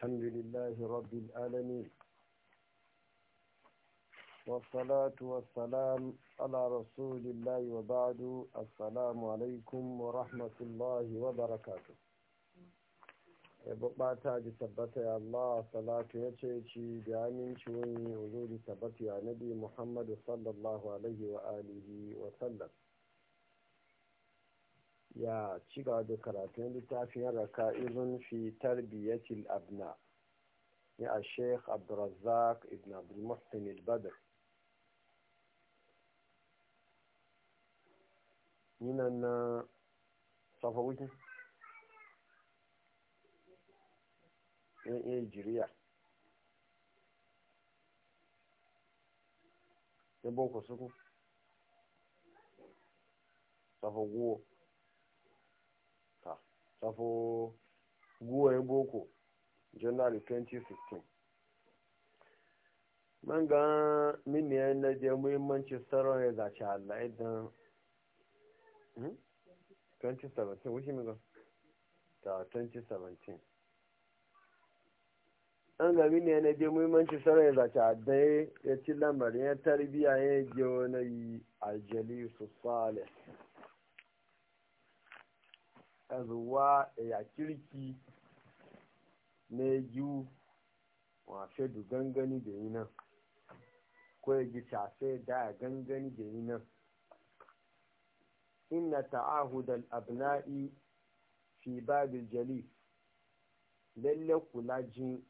الحمد لله رب العالمين والصلاة والسلام على رسول الله وبعد السلام عليكم ورحمة الله وبركاته ji tabbata ya Allah salatu ya ce ci da aminci wani wuzuri tabbata ya nabi Muhammadu sallallahu alaihi wa alihi wa sallam ya ci gaba da karatun littafin raka'izun fi tarbiyyatil abna ya a sheikh abdulrazak ibn abdulmuhsin al-badr yinan na safa wikin yan iya jiriya boko suku safa safo goyon boko january 2016 man ga mini yan na je muhimmanci tsaron ya zace Allah idan 2017 wuce mi ga ta 2017 an ga mini yan na je muhimmanci tsaron ya zace adai ya ci lamarin ya tarbiya ya je wani aljali su salih ezuwa ya kirki na yiwu washe du gangani da yi nan ko ya ji shafe da a gangan yi nan inna ta'ahudal abna'i fi babil jalif lalle kula jin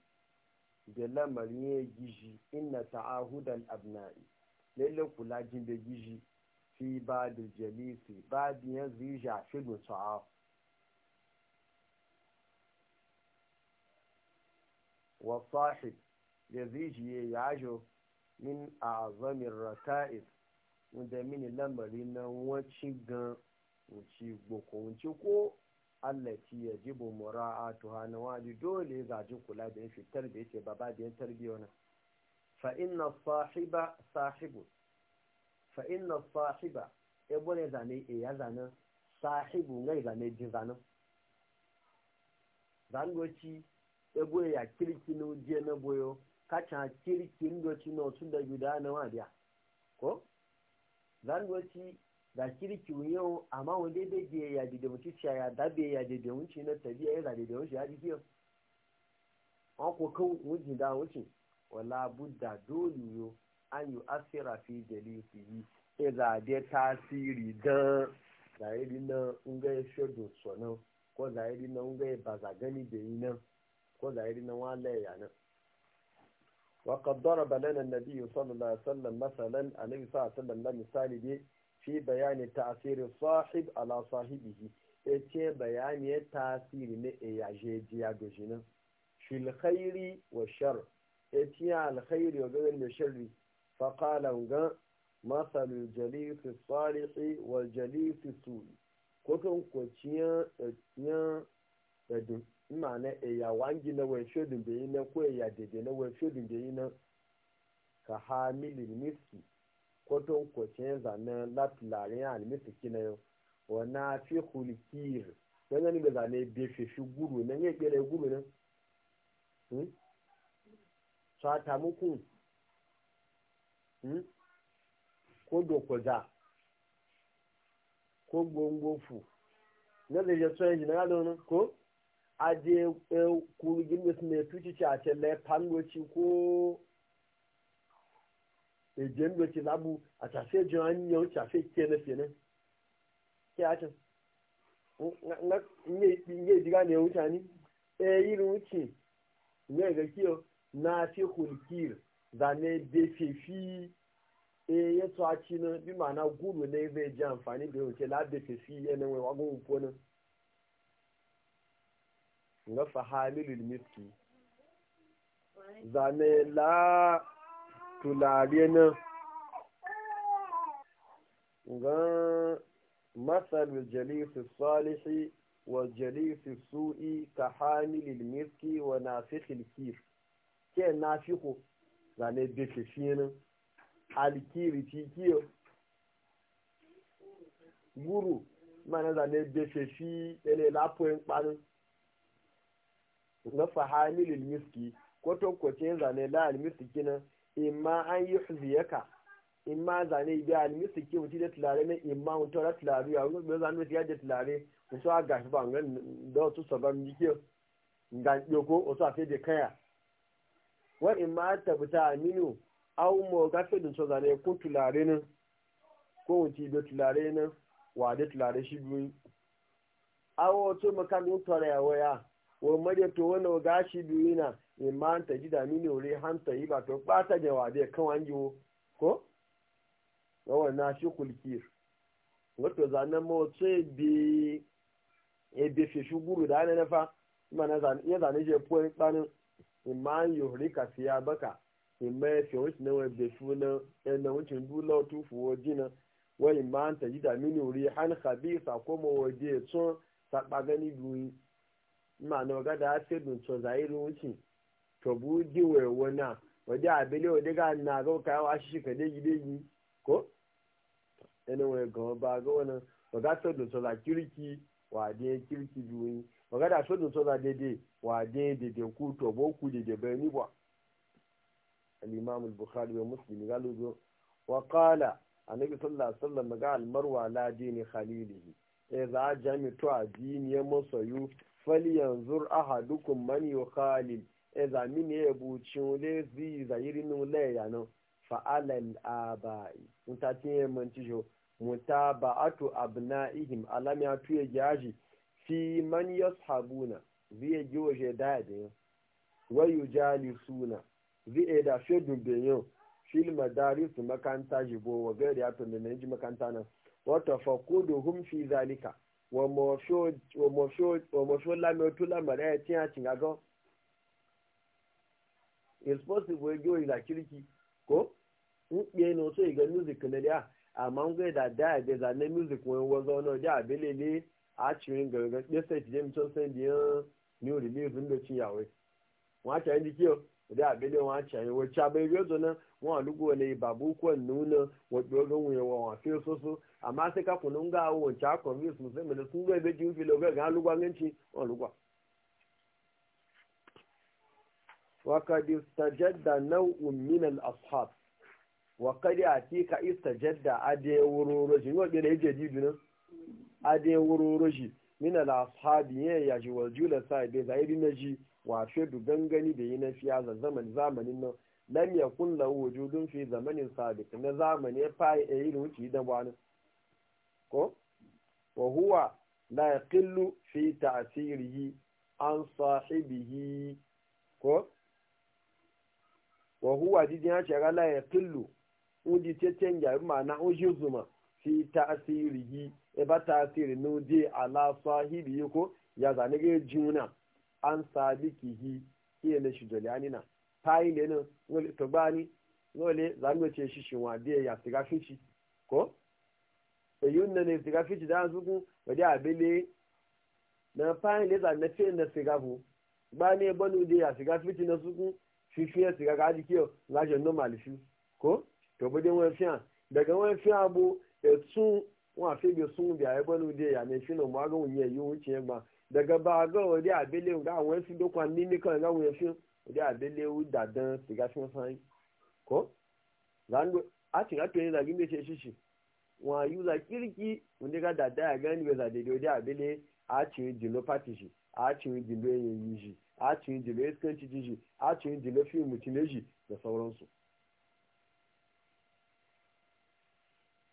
da lamarin ya gizi inna ta'ahudal abna'i lalle kula jin da gishi fi babil jalisi babiyan zai shafe du ta'ahu wa sahib da zijiye ya ajo min a zamin rata'id wanda mini lamari na wanci gan wuci gboko wuci ko allaci ya ji mura a tuhana waji dole ji kula da yin fitar ce, yake baba da yin tarbiyo na fa'inna sahiba sahibu fa'inna sahiba ebo ne zane e ya zanen sahibu ngai zane ji zanen zangoci ebo ya kirki na je na boyo kacha kirki ndoci na otu da guda na wadiya ko zangoci da kirki yau amma wanda da je ya dide mutu ciya ya dabe ya dide wuce na tabiya ya dide wuce ya jikiyo an ko kan wuce da wuce wala budda dole yo an yi asira fi dalili iza e de tasiri dan zahiri e na unga ya shodo sonan ko zahiri e na unga ya bazagani da yi nan كل عيرين نوع لا يعني وقد ضرب لنا النبي صلى الله عليه وسلم مثلا النبي صلى الله عليه وسلم مثال دي في بيان تأثير الصاحب على صاحبه اتي بيان تأثير نئي عجيدي عجينا في الخير والشر اتي الخير وغير الشر فقال انقان مثل الجليس الصالح والجليس السوء كتن كتن كتن ma'ana eya wangi na wani shodin bai yi ko eya dede na wani shodin bai yi ka ha milin miski ko ton kwacin zanen latilarin almisi kina yo, wana fi hulikir don gani ne zane bai shi guru nan ya kera guru nan sata muku ko dokoza ko gongofu na zai yi tsoron jina ga ko aje kurgin da su ne tuci ci a ce laifan goci ko ejen goci labu a tafe jiran yau tafe ke na fene ke a can nye diga ne wuta e yiri wuce ne ga kiyo na fi hulkir zane da fefi e ya tsaci na bi ma na guru ne zai ji amfani da yau ce la da fefi yanayi wagon wupo nan nga fahamilul miski zane la tulare na ga masal jalisi salihi wa jalisi su'i ka hamilul miski wa nafikhil kir ke nafiku zane befe fiye alikiri ti guru mana zane befe ele lapo en panin na fahamil miski ko tokwace zane la almisiki na imma an yi huziyaka imma zane bi almisiki wuce da tulare na imma wuta da tulare ya wuta zane wuti ya da tulare wasu a gashi ba ngan da wasu sabon jike ngan yoko wasu a fede kaya wa imma tabbata aminu au mo gafe din so zane kun tulare nan ko wuce da tulare nan wa da tulare shi biyu awo to yin tore ya waya wa maryato wannan gashi biyu na imma ta da mini wuri hanta yi ba to bata jawa dai kan wangi ko yawan shi kulkir wato zanen mawace bi ebe fi shuguru da ana nafa ya zane je puwa tsanin imma yi huri baka imma ya fi wancin na dula tufu wajina wa imma ta da mini wuri han habisa ko mawaje tun saɓa gani duniya ma na waga da ase dun to zairu wuci to bu diwe wona waje abele wadi ga na ga ka wa shi ka de de gi ko ene we go ba ga wona waga to dun to la kirki wa de kirki duwi waga da so dun to la de wa de de ku to bo ku de be ni ba al-imam al-bukhari wa muslim galu go wa qala annabi sallallahu alaihi wasallam ga al-marwa la dini khalilihi idza e jami'tu adini masoyu falyanzur ahadukum man yukhalil e zami ne ya buci wule zi zahiri ni wule ya nan fa'alal abai muta tiye manci jo muta na abna'ihim alam ya tuye jaji fi man yashabuna zi ya ji waje daya da yau wayu suna zi da shedun da yau fil madaris makanta jibo wa gari ya tunanin ji makanta nan wata hum fi zalika wọ̀mọ̀ṣó lámì ọtún lámàrá tí a ti ga gan. it's possible ego ìlà kiriki kó ń pè é ní oṣù ìgbẹ́ music nílẹ̀ à àmọ́ ń gbé dàda ẹ̀dẹ̀dà ní music wọn wọ́n gan náà jẹ́ àbẹ́lẹ̀ lé àtìrín gẹ̀rẹ́gẹ́ pẹ́sẹ̀ tí jẹ́mi tó ń sẹ́ndì hàn ní òrìlé ìfúnlẹ̀ tìyàwó wọ́n á ṣàyẹ́ ní da abinda wa can yi wacce abin biyo zo na wọn alugu wani babu kwan nuna wajen ogun wuyan wa wa fiye so so amma sai ka kunun ga awo wacce a kwamfis musamman da sun zai beji wufi lokacin ga alugu anganci wọn alugu wakadi stajadda nau'un min al-ashab wakadi a ti ka istajadda adiyan wuro shi ni wajen da yake jiju nan adiyan wuro shi min al-ashab yin yaji wajen jula sa'ibai zai bi na ji washe du gangani da yi na fiya za zaman zamanin nan lam yakun lahu wujudun fi zamanin sabiq na zamani fa ya yi wuce da wani ko wa huwa la yaqillu fi ta'sirihi an sahibihi ko wa huwa didi ya ce la yaqillu uji ce ma na uji zuma fi ta'sirihi e ba ta'siri nuje ala sahibi ko ya zanige juna an sabikihi iya na shi joliyani na ta yi ne nan wale to gbani wale zanuwa ce shi shi wa biya ya siga fici ko eyi nna ne siga fici da zugu wade abele na fayin le za na fiye na siga fu gbani ya e bani ude ya siga fici na zugu fifiye siga ga adi kiyo laje normal fi ko to bu bude wọn fiya daga wọn fiya bu etun wọn afi bi sun bi a ya e bani ude ya ne shi na mu aga wunye yi wuce ya gba daga ba ga wani abele ga àwọn efi dokwan nini kan ga àwọn efi wani abele wu dadan siga fi san ko zando a ti ga to ni zagi me se shishi wa yuza kirki wani ga dada ya gani be zade de wani abele a ti jilo party shi a ti jilo yin yi shi a ti jilo eskanci shi a ti jilo fi mutune shi da sauransu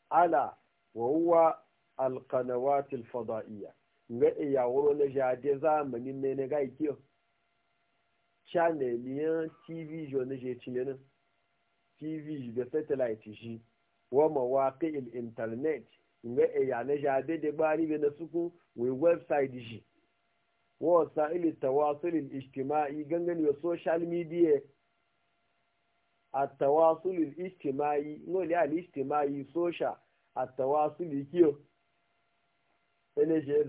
ala wa huwa alqanawatil fada'iyya nga iya e wuro na jade za mani mai na ga ikiyo channel ya tv jo ne je cinye na tv da satellite shi wa mawaƙi il internet nga iya e na jade da gbari bi na suku wai website shi wa sa ili tawasulin ishtimai gangan yo social media a tawasulin ishtimai ngoli al ishtimai social a tawasulin ikiyo sai shi ya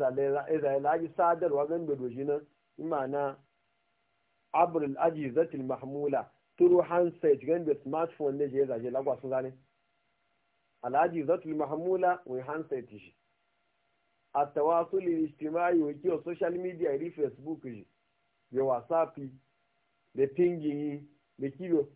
sadarwa gan da e doji nan imana abril ajizatil mahmula turu handset gan da smartphone ne shi zaje lagwa sun zane alajizatul mahmula wai handset shi a tawasulin ijtimai wa kiyo social media ri facebook shi da whatsapp da pingin da kiyo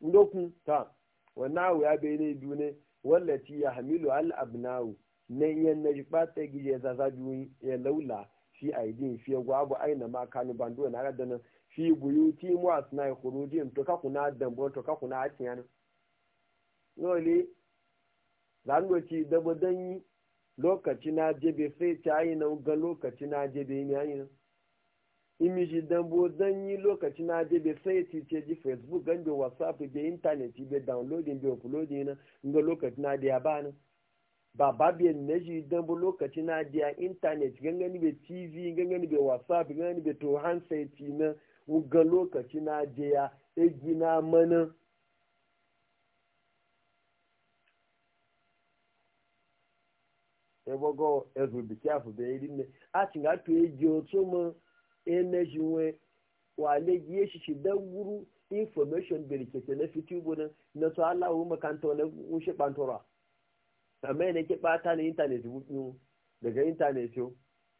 ndokun ta wannan ya bayyana duniya wallati ya hamilu al'abnawu na yan na ji ɓata gije ya zaza juyi ya laula fi aidin fi gwabu abu aina ma kanu bandu na rada nan fi buyu ti mu asna ya kurujin to ka kuna dambo to ka kuna akin yana go ci dabo danyi lokaci na jebe sai ta yi na ga lokaci na jebe ni yayin imiji dambo don yi lokaci na je bai sai tice ji facebook gan bai whatsapp bai internet bai downloading bai uploading na ga lokaci na dia ya ba ni ba ba na ji dambo lokaci na dia ya internet gangani bai tv gangani bai whatsapp gangani bai to handset na ga lokaci na da ya e na e e mana ene jiwe wale giye shi shi dan information birkete na fiti gudun na to Allah wu makanta wani wushe bantora amma yana ke bata na intanet wukin daga intanet yo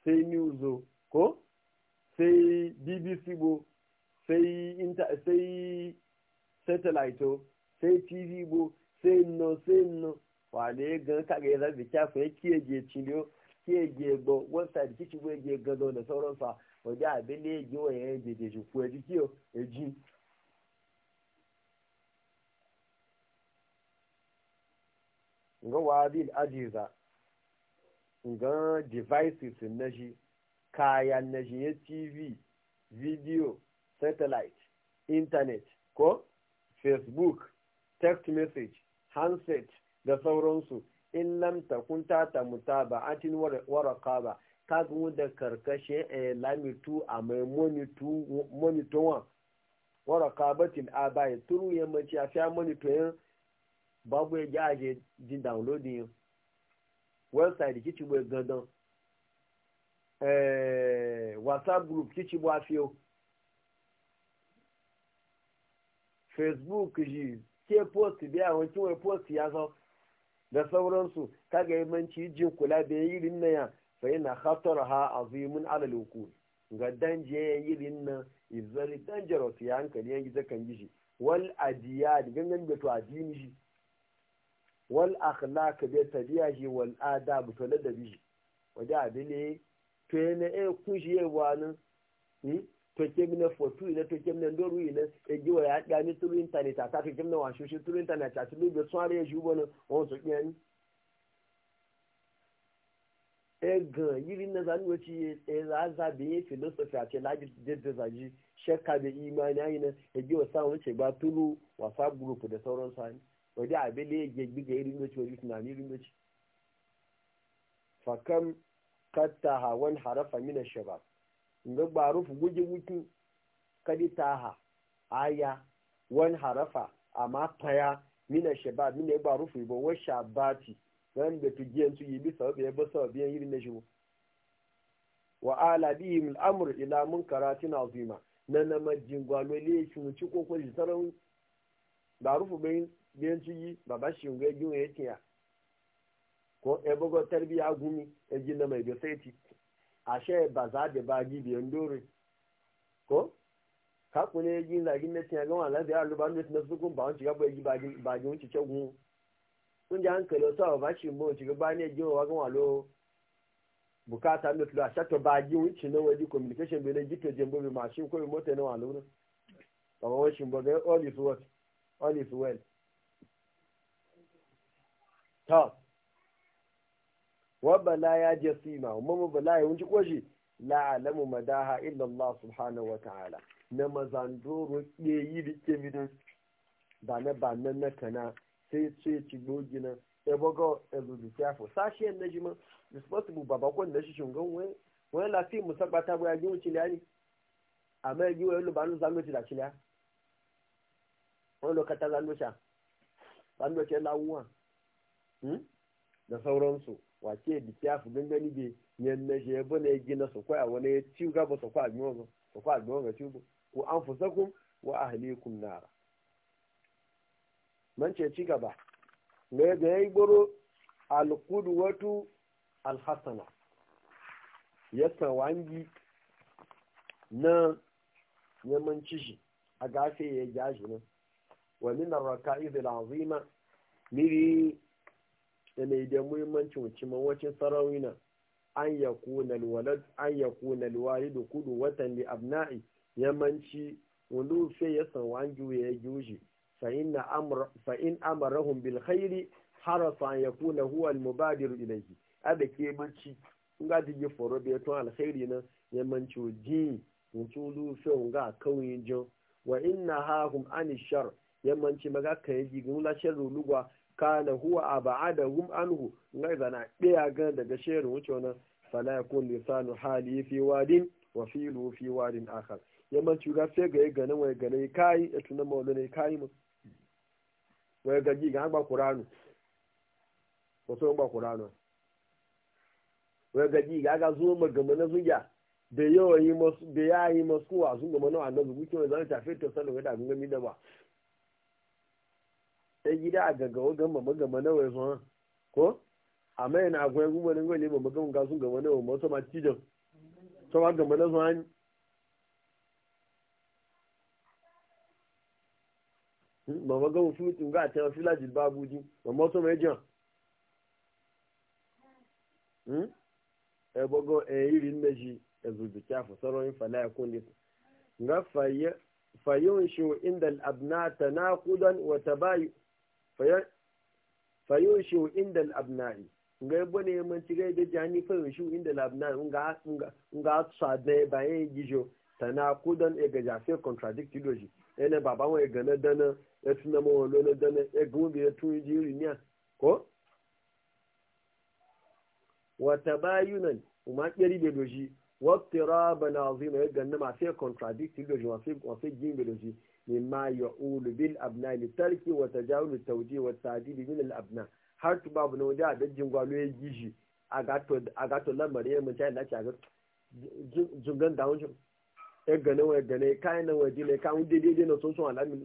sai news ko sai bbc bo sai sai satellite sai tv bo sai no sai no wale gan kaga ya zabi kyafu ya kiyaye ciliyo kiyaye gbo website kici gbo ya kiyaye gado da sauransa ọjọ́ àbẹ́lẹ̀ èjì wọ̀ yẹn dèdè ṣòfò ẹ̀jú kí o èjì. nǹkan wàá bí ajiza nǹkan devices na shi kaya na shi ya tv video satellite internet ko facebook text message handset da sauransu in lamta kun ta ta mutaba atin waraka ba kagun da karkashe a eh, lamitu a mai monitowa wara kabatin a baya turu ya yammaci a fiya monitoyin babu ya gyaje jin downloading yin website kici bai gandan eh, whatsapp group kici bu a fiyo facebook ji ke post biya wankin wai post ya zo da sauransu kaga yi yammanci jin kula da yi na ya fa yana khatarha azimun ala lukul ga danje yirin nan is very dangerous ya hankali yanki zakan gishi wal adiyad gangan da to adini shi wal akhlaq bi tabiya shi wal adab to ladabi shi waje adile to na ne kun shi yai e wa hmm to kemina fotu ile to kemina ndoru ile e giwa ya ga ni intanet a ta ta kemina wa shushin turu internet ta tulu da ya shi ubono won so kiyani egan yiri na zanu wace za be ye philosophy a ce laji jadda zaji shakka da imani ayi na yaji wasa wace ba tulu wasa group da sauran sani wajen abin da ya gegbi ga irin wace wajen tunani irin wace fakam katta hawan harafa mina shabab nga gbaru fu guje wutu kadi taha aya wan harafa amma paya mina shabab mina ba fu ibo wa shabati nan da tu giyan su yi bi sababi ya ba sababi ya yi na shi wa ala bi min amr ila munkaratin azima na na majin gwalo le shi mu ci koko shi sarau da rufu bayin biyan su yi baba shi ga giwa ya tiya ko e bugo tarbiya gumi e jinna mai da sai ashe ba za da ba gi biyan dore ko ka kune yin zagin na tiya ga wala da ya ruban da su kun ba wanci ga ba gi ba gi wuci ce gun kun ji hankali wasu abu bashi mo ci gaba ne jin wa gan walo bukata ne tulu a shato ba ji wuce na waje communication bai na jito jin bobe shi ko mota na walo nan kama washin ba ga all is well all is well ta wa bala ya je sima umma mu bala ya wuce koshi la alamu madaha illa Allah subhanahu wa ta'ala na mazandoro ke yi dike bidan ba na ba nan na kana sai ya ci gogi nan ya bago ezu bi kyafo ah, sashi yan najima responsible baba kon da shi shungan wani wai lafi musabba ta buya giwu ciliya ne amma ya giwu ya lu banu zango ci da ciliya wani lokata zango sha zango ce lawuwa hmm? da sauransu wace bi kyafo gangani bi yan na shi ya bane ya gina su kwaya wani ya ci gaba su kwa biyu ga su kwa biyu ga ci ko an fusa kun wa ahlikum nara man ce ci gaba me ga yayi goro alqudwatu alhasana yasa wangi na yamanci shi a gafe ya ja shi nan wa min arraka'id alazima miri da mai muhimmancin wuce mawacin sarauni an ya kuna alwalad an ya kuna alwalidu kudu watan li abna'i yamanci wanda sai ya san wangi ya juji fa'in amarahun bilkhairi harasa an yaku na huwa almubadiru ilahi a da ke manci in ga jigi foro bai tun alkhairi na ya manci ji mutu lufe ga kawai jan wa inna hahum an shar ya manci maga kan yi gigin lashen rulugwa kana huwa a ba'ada hum anhu ngai zana ɗaya gan daga sherin wuce wannan fala yakun lisanu hali fi wadin wa filu fi wadin akhar yamman cuga sai ga ganin wai ganin kai ya tunan maulana kai mu wọ́n ga jí gan gba kuranu ko so gba kuranu wọ́n ga jí gan ga zo ma gama na zuya da yawa yi masu gamana ya yi masu wa su gama na annabi kuke wani zan tafi to sallah da gungami da ba sai gida a gaggawa gama magama na wai sun ko amma yana akwai gumanin gwale ma gamu ga sun gama na wai masu ma cijan sama gama na sun mama gan fi tun ga tan fi láti bá buji mama to mejan hmm e bogo e iri neji e zubi chafu soro in fala yakun nga fayya fayunshu inda al-abna tanaqudan wa tabayu fayunshu inda al-abna'i nga yabo ne man tiga da jani fayunshu inda al-abna'i nga nga nga tsade bayan gijo tanaqudan e ga jafe contradictory yana baba wa ga na dana ya tuna mawa lona dana ya e gumbi e ko wata bayunan kuma kiri da doji wata raba na azima ya e ganna masu contradicting doji masu gini da doji mimma ya ulu bil abna li tarki wa tajawulu tawji wa ta'dili min al abna har tu babu na wajen adajin gwalo ya a gato lamari ya mun tayi a ga jungan da daidai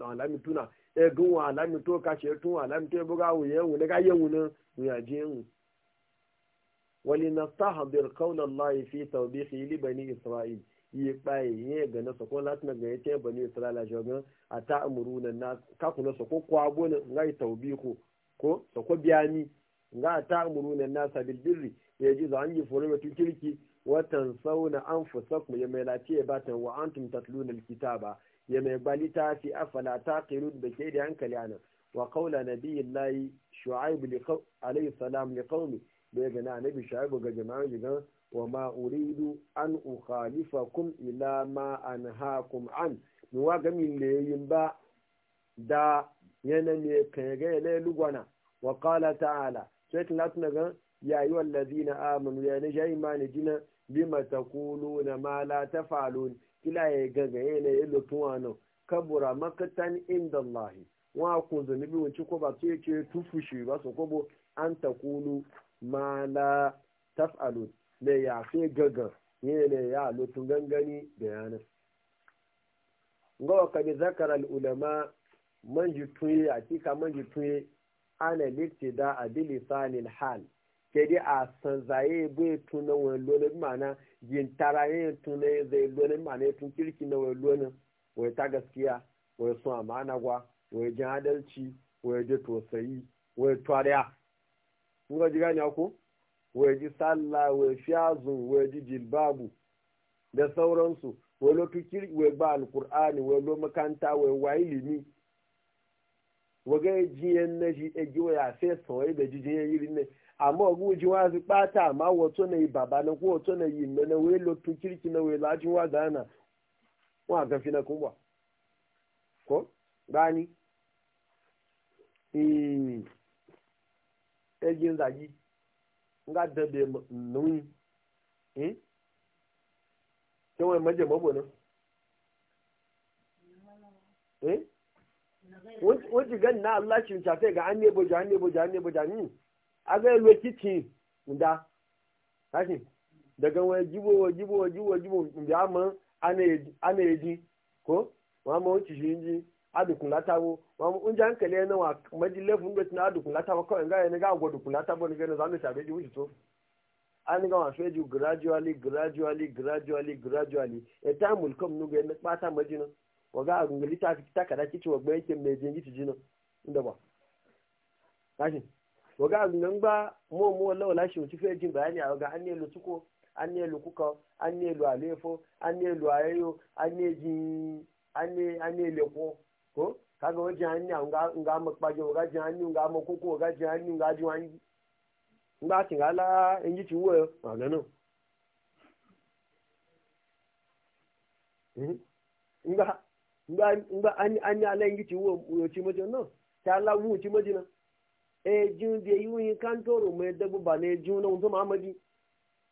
alamin tuna egun wa alami to kashe tun wa alami to buga wọn yewu ne ga yewu ne mu ya je mu wali nastahdir káwọn allah fi tawbihi li bani yi paye e, ye ga na sako latin ga yace bani isra'ila jogan ata na ka kula sako kó abo na sako nga ata amuruna na sabil birri ya ji a an yi foro mutu kirki watan sauna anfusakum ya mai latiye batan wa antum tatluna ba. ya mai bali ta fi afala ta kirun da ke da hankali nan wa kaula nabiyin layi shu'aibu alayhi salam ne kaumi da gana na nabi shu'aibu ga jama'a jigan wa ma uridu an kum ila ma an kum an ni wa ga min yi ba da yana ne kai ga yana lugwana wa kala ta'ala sai tun latuna ga ya ayyuhallazina amanu ya ne ma imani jina bima na ma la taf'alun kila ya gaga yana yelo tuwano kabura makatan inda Allah wa ku zunubi wuce ko ba sai ce tufushi ba su kobo an takulu ma la taf'alun ne ya sai gaga yana ya lutun gangani da yana ka bi zakara al ulama man jituye akika man jituye ana liktida abilisanil hal sai dai a san zaye bai tuna wani lonin mana yin tara yin tuna zai lonin mana ya tun kirki na wani lonin wai ta gaskiya wai sun amana gwa wai jin adalci wai ji tosayi wai twariya kun ga ji gani ko wai ji sallah wai fiyazu wai ji jilbabu da sauransu wai lotu kirki wai ba alkur'ani wai lo makanta wai wa ilimi waga jiyan na shi ɗage waya sai sawai da e jijiyan yiri ne amma guji wazi bata amma wato na yi baba na ko wato na yi na na welo to kirki na welo ajin wa gana wa ga fina kuma ko gani eh zagi nga dabe nuni eh kewa maje mabo na eh wuci gan na Allah shi ta ga an ne boja an ne boja aga yi lokici da daga wani jibo wa jibo wa jibo ama jibo a ma ana yaji ko ma ma wuce shi ji adukun latawo ma ma unja hankali yana wa maji laifin da tuna adukun latawo kawai ga yana ga agwa dukun latawo ne gani zamu shafe ji wuce to an ga wasu yaji gradually gradually gradually gradually ya e ta mulkom nuga kpata maji wa ga ta kada kici wa mai Woga nan ba mo mo lawa lashi wuci fe jin bayani a waga an ne lu suko an ne lu kuka an ne lu alefo an ne lu ayeyo an ne ji an ne an ne leko ko kaga an ne nga nga makpaje waga ji an ne nga makoko waga ji an ne nga ji wani nga tin ala enji ti wo ma ga no nga nga nga an an ala enji ti wo yo ti mo jo no ta ala wu ti mo ji ejun de yiwuyin kantoro mai dabu ba na ejun na wanzu mamadi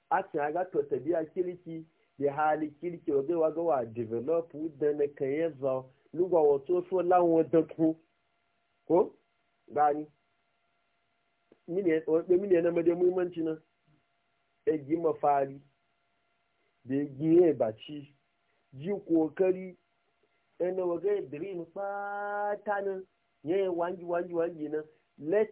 a cin aga to tabiya kirki da hali kirki wa gaiwa gawa develop da na kan ya zau lugwa wato so lawon da ku ko gani mini e, e e na made muhimmanci na egi mafari da egi ya baci ji kokari ɗan na wagai dream fata nan yayin wangi wangi wangi nan let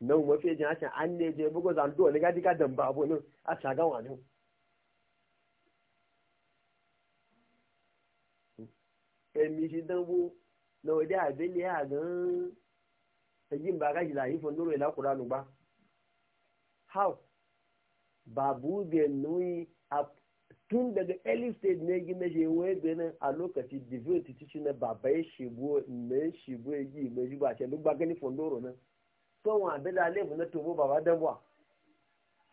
nan mafi jin ashin an ne je bugu zan wani ne gadi gadan ba abu nan a shaga wani emi shi dan bu na wadi abele ya gan ejin ba gaji layi fun duro ila kuranu ba how babu be nui tun daga early stage ne gina je wai benin a lokaci devote titi na babai shigo ne shigo ya gi mai shi ba ce duk ba gani fondoro nan sọ́wọ́n àbẹ́lẹ̀ alẹ́ ìfúnná tó bó bàbá dẹ́mbọ̀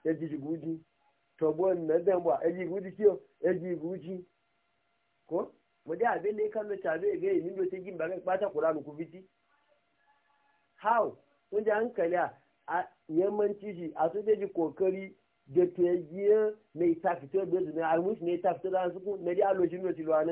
ẹjì ìgúdí tọ́gbọ́ ẹ̀nà dẹ́mbọ̀ ẹjì ìgúdí kí o ẹjì ìgúdí kó mọ̀dé àbẹ́lẹ̀ kánú tàbí ègé yìí níbi oṣù jìmbá rẹ̀ pátá kó lánàá kó fi tí. how wọ́n jẹ́ àǹkàlẹ́ à yẹn mọ́ ní tíṣì àtúndéjì kò kẹ́rí dètò ẹ̀jì ẹ̀ ní ìtàkìtì ọ̀gbẹ́ ìdùnnú ní ìtàkìtì ọ̀dà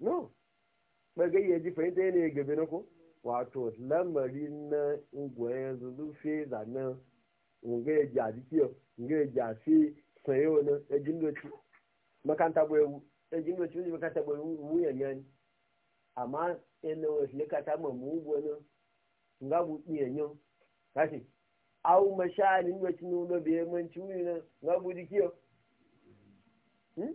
no ɓagai ya ji fahimta yana ya gabe na ko wato lamari na ngwayen zulufe na, nga ya ji adikiyo nga ya ji afi sayo na ejin doci makanta boye ejin doci wani makanta boye wuyan yani amma yana wasu ne kata ma mu gwanin nga bu iya yau kashi au mashani wacin nuna biyan manci wuni na nga bu dikiyo hmm?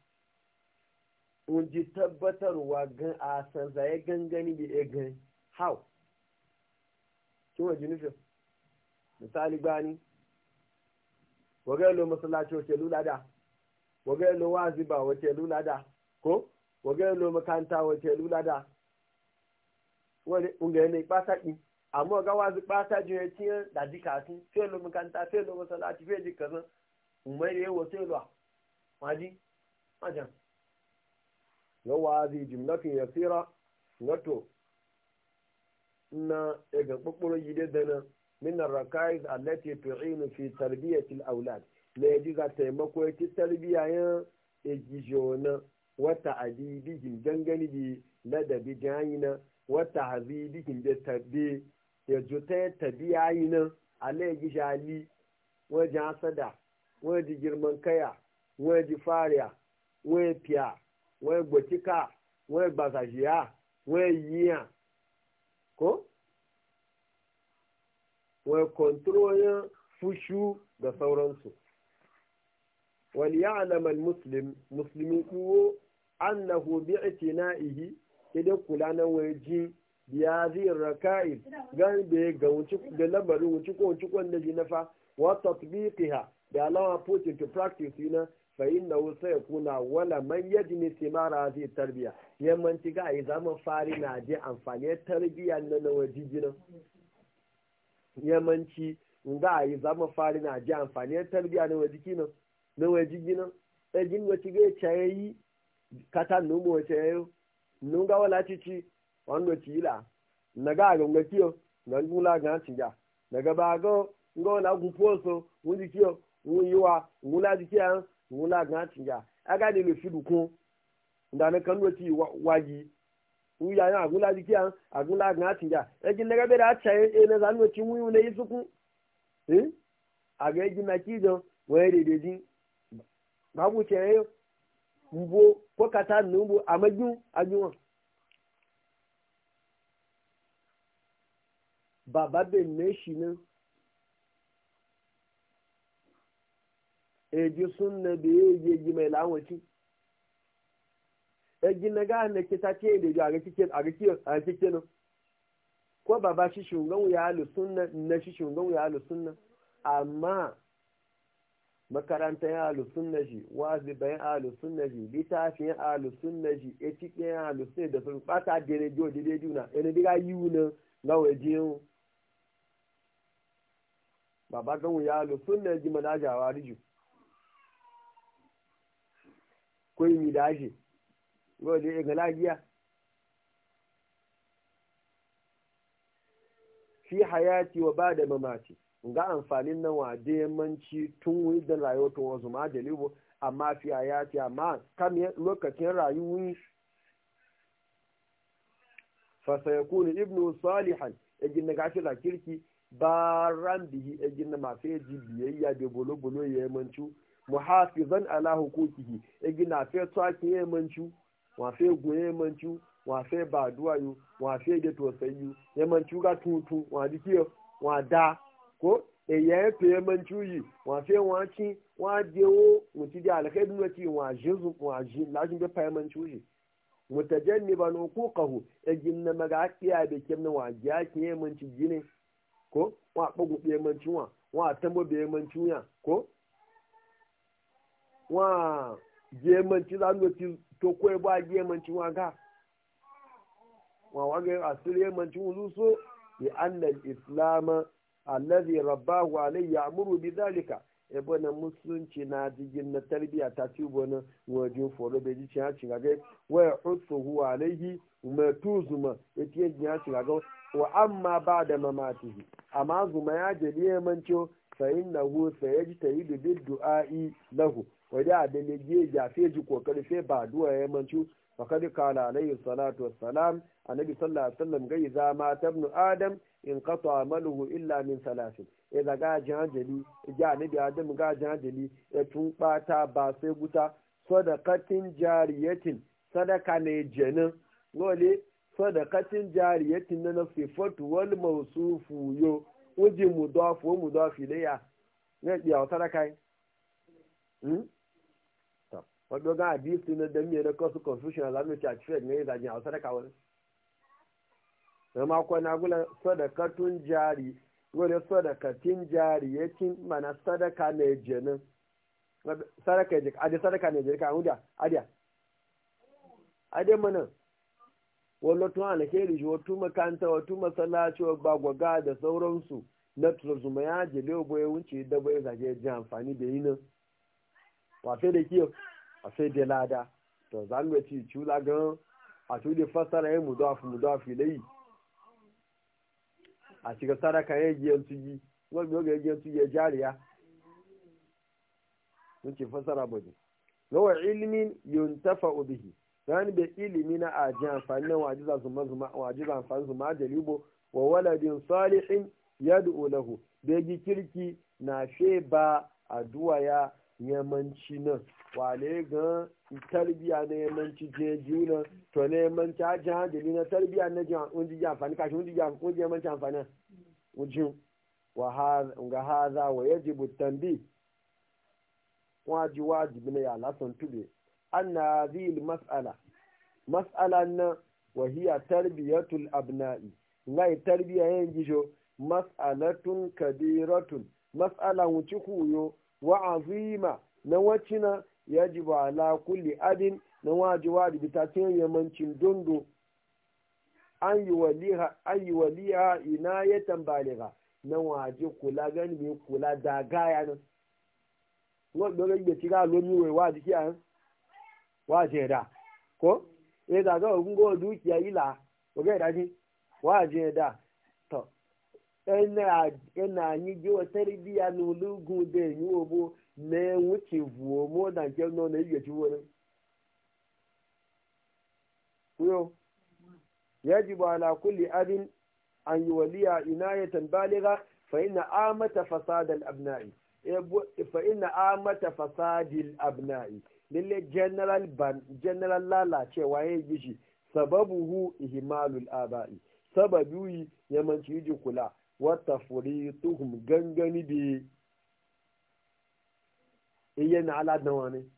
un ji tabbatarwa gan a san zaye gangani da e gan how kin waje nufi misali gbani lo masallaci wace lula da lo wazi ba wace lula da ko lo makanta wace lula da wani ungayen ne pataki amma ga wazi pataji ya ciyar da jikatu lo makanta felo masallaci fe jikazan umar lo a maji majan na wazi yasira na to na ga kpukpuru gida da na minar rakais allati tu'inu fi tarbiyatil aulad ne ji ga taimako ya ci tarbiya ya egijo wata adibihim gangani bi ladabi jayina wata hazibihim da tabbe ya juta ya yi nan jali wajen asada wajen girman kaya wajen fariya wajen fiya wọ́n gbọ́ tíkà wọ́n gbà sàṣìyà wọ́n yíyàn kó wọ́n kọ̀ntúrò yẹn fúṣú da sauransu. wani ya al muslim muslimi kuwo na bi'tina'ihi idan kula na waje raka raka'il gan be ga wuci da labarin wuci ko wuci ko na fa wa tatbiqiha da a put into practice na. fa inna ya kuna wala man yaji ne sai mara zai tarbiya yammanci ga a zama fari na je amfani ya tarbiya na na waje gina yammanci ga a yi zama fari na je amfani ya tarbiya na waje gina na waje ɗan jin wace ga ya yi kata numu wace ya yi nun ga wala cici wanda ci ila na ga a gunga kiyo na gula ga ci ga na ga ba ga ga wala gufoso wani kiyo wani yiwa wula jikiya wula gan cinja aga de le fidu kun ndane kanu ti waji uya na agula di kian agula gan cinja e jin daga be da cha e, e na zanu ti mu ne isuku eh aga ji e na ki jo we de de din babu che yo e, mbo ko kata numbu amaju ajuwa baba be ne shi ne eji sunna da ya yi yi mai lawanci egi na ga na kita ce da ga a kike a kike no ko baba shi shungan ya alu sunna na shi shungan ya alu sunna amma makaranta ya alu sunna ji wazi bayan alu sunna ji litafi ya alu sunna ji e tike ya alu sunna da sun fata da ne jo de de na ene diga yiwu na ga waje yo baba gan ya alu sunna ji manajawa riju ko yi mi da shi ko da ya gala giya fi hayati wa ba da mamaci ga amfanin nan wa demanci tun da rayuwa tun wasu ma da libo amma fi hayati amma kam lokacin rayuwa fasa ya kuni ibnu salihan ejin na gashi da kirki baran bihi ejin na masu yaji biyayya da bolo-bolo ya yamancu muhafizan ala hukukihi egina fe tsaki yemanchu wa fe gun yemanchu wa fe ba duwayo wa fe de to sayu yemanchu ga tutu wa dikiyo wa da ko eye eto yemanchu yi wa fe wa chi wa dewo muti da alkhairu no ti wa jesu wa jin lajin be pa yemanchu yi mutajanniban huquqahu eginna maga kiya be kemna wa ja ki yemanchu gine ko wa bugu be yemanchu wa wa tambo be yemanchu ya ko wa jemanci za mu ci to ko ba jemanci wa ga wa wa ga asiri jemanci wuzu so bi anna al-islam allazi rabbahu alayhi ya'muru bi dhalika e bona musulunci na jigin na tarbiya ta ci bona wajin foro be ji ci ha ci ga ga wa husuhu alayhi matuzuma e ti ji ha ci ga ga wa amma ba da mamatihi amma zuma ya jeli ya manco sayin na hu sai ji ta yi du'a'i lahu wadda a dane je ya sai ji kokari sai ba duwa ya manco kadi kala alayhi salatu wassalam annabi sallallahu alaihi wasallam gai za ma tabnu adam in qata amaluhu illa min salasin e da ga jahajali ja annabi adam ga jajali ya tun bata ba sai guta sadaqatin jariyatin sadaka ne janin lole sadakatin jariyatin na na sifatu wal mawsufu yo uji mudafu wa mudafu ya ne biya wata da kai hmm to wato ga hadisi na da miyar kasu confusion alamu ta ce ne da jin wata da kawai da ma ko na gula sadakatun jari wani sadakatin jariyatin mana sadaka ne jenin sadaka ne jika adi sadaka ne jika amuda adiya adiya mana wani tun alheri shi wata makanta wata masallaci wa bagwaga da sauransu na turzuma ya jele boye wuce da boye zage ji amfani da yinin ba sai da kiyo a sai da lada to za mu ci cula ga a tuli fasara ya mudaf mudaf ilai a shiga saraka ya yi. yanzu ji wani ga yanzu ya jariya mun ce fasara bane lawa ilmin yuntafa bihi yani da ilimi na aji amfani na wajiza zuma zuma wajiza amfani zuma da libo wa waladin salihin yad'u lahu da gi kirki na she ba addu'a ya yamanci nan wale ga tarbiya na yamanci jeji juna to na yamanci aji hadili na tarbiya na ji ya amfani kashi yamanci amfani ujin ga haza wa yajibu tanbih waji wajibi na ya lasan tube anna zil mas'ala mas'ala na wahiya tarbiyatul abna'i ngai tarbiya yan gijo mas'alatun kabiratun mas'ala wuci kuyo wa azima na wacina yajibu ala kulli abin na wajiwa da bitacin yamancin dondo an yi waliha ina ya tambaliga na waje kula gani kula da gaya nan. Wọ́n gbọ́dọ̀ gbèsè rà lómi wẹ̀ wá wa jeda ko e da ga ogun go dukiya ila o ga daji wa jeda to ina ina ni ji o tarbiya nu lugu de ni obo ne wuce vuo mo dan ke no na ye ji wona kuyo yajibu ala kulli abin an yuwaliya inayatan baligha fa inna amata fasad al abna'i fa inna amata fasad al abna'i lalle general ban general lalacewa ya yi shi sababuhu ihmalul aba'i sababi yamanci yi kula wata tuhum gangani bi iya na aladan wani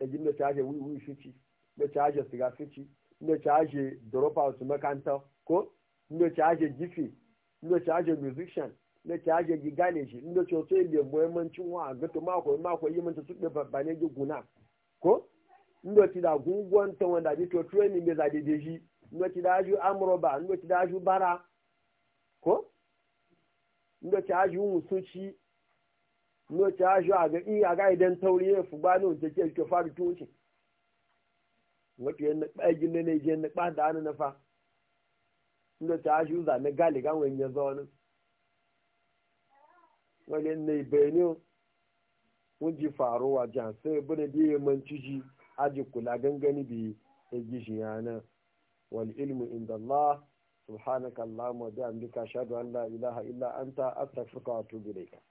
ne da caje wiwi fici da caje siga fici da caje drop out makanta ko da caje gifi da caje musician na caje hajjar gigane shi inda coto ya lemu yammancin wa ga to mako mako yi manta su ɗin babbanin guna ko ndoci da gungon ta wanda ji to training bai zaje je shi ndoci da ju amroba ndoci da ju bara ko ndoci da ju musuci ndoci da ju aga i aga idan tauriye fu ba no je ke ke faru tuci wato yan ba gin ne je ne ba da na fa ju za ne gali ga wani ya zo ne ne ji faruwa jan sai bane da ya manci ji aji kula gangani bi ya gishi yana wal ilmu inda Allah subhanaka Allahumma wa bihamdika ashhadu an la ilaha illa anta astaghfiruka wa atubu ilayka